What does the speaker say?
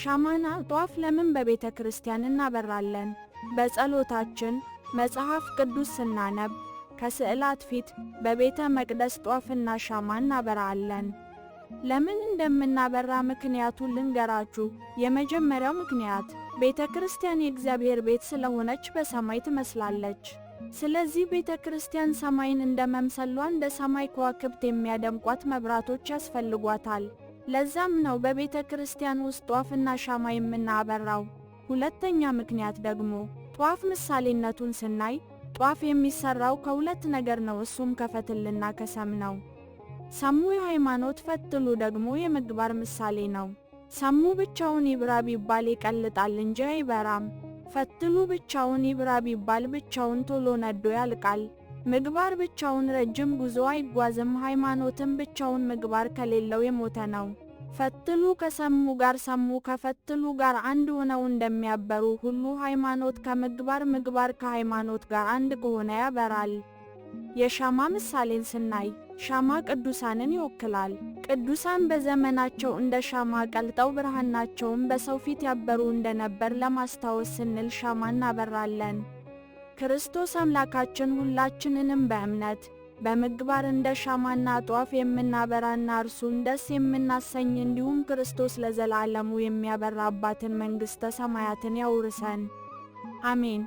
ሻማና ጧፍ ለምን በቤተ ክርስቲያን እናበራለን? በጸሎታችን መጽሐፍ ቅዱስ ስናነብ ከስዕላት ፊት በቤተ መቅደስ ጧፍና ሻማ እናበራለን። ለምን እንደምናበራ ምክንያቱ ልንገራችሁ። የመጀመሪያው ምክንያት ቤተ ክርስቲያን የእግዚአብሔር ቤት ስለሆነች በሰማይ ትመስላለች። ስለዚህ ቤተ ክርስቲያን ሰማይን እንደ መምሰሏ እንደ ሰማይ ከዋክብት የሚያደምቋት መብራቶች ያስፈልጓታል። ለዛም ነው በቤተ ክርስቲያን ውስጥ ጧፍና ሻማ የምናበራው። ሁለተኛ ምክንያት ደግሞ ጧፍ ምሳሌነቱን ስናይ ጧፍ የሚሰራው ከሁለት ነገር ነው። እሱም ከፈትልና ከሰም ነው። ሰሙ የሃይማኖት ፈትሉ ደግሞ የምግባር ምሳሌ ነው። ሰሙ ብቻውን ይብራ ቢባል ይቀልጣል እንጂ አይበራም። ፈትሉ ብቻውን ይብራ ቢባል ብቻውን ቶሎ ነዶ ያልቃል። ምግባር ብቻውን ረጅም ጉዞ አይጓዝም፣ ሃይማኖትም ብቻውን ምግባር ከሌለው የሞተ ነው። ፈትሉ ከሰሙ ጋር ሰሙ ከፈትሉ ጋር አንድ ሆነው እንደሚያበሩ ሁሉ ሃይማኖት ከምግባር ምግባር ከሃይማኖት ጋር አንድ ከሆነ ያበራል። የሻማ ምሳሌን ስናይ ሻማ ቅዱሳንን ይወክላል። ቅዱሳን በዘመናቸው እንደ ሻማ ቀልጠው ብርሃናቸውን በሰው ፊት ያበሩ እንደነበር ለማስታወስ ስንል ሻማ እናበራለን። ክርስቶስ አምላካችን ሁላችንንም በእምነት በምግባር እንደ ሻማና ጧፍ የምናበራና እርሱን ደስ የምናሰኝ እንዲሁም ክርስቶስ ለዘላለሙ የሚያበራባትን መንግሥተ ሰማያትን ያውርሰን። አሜን።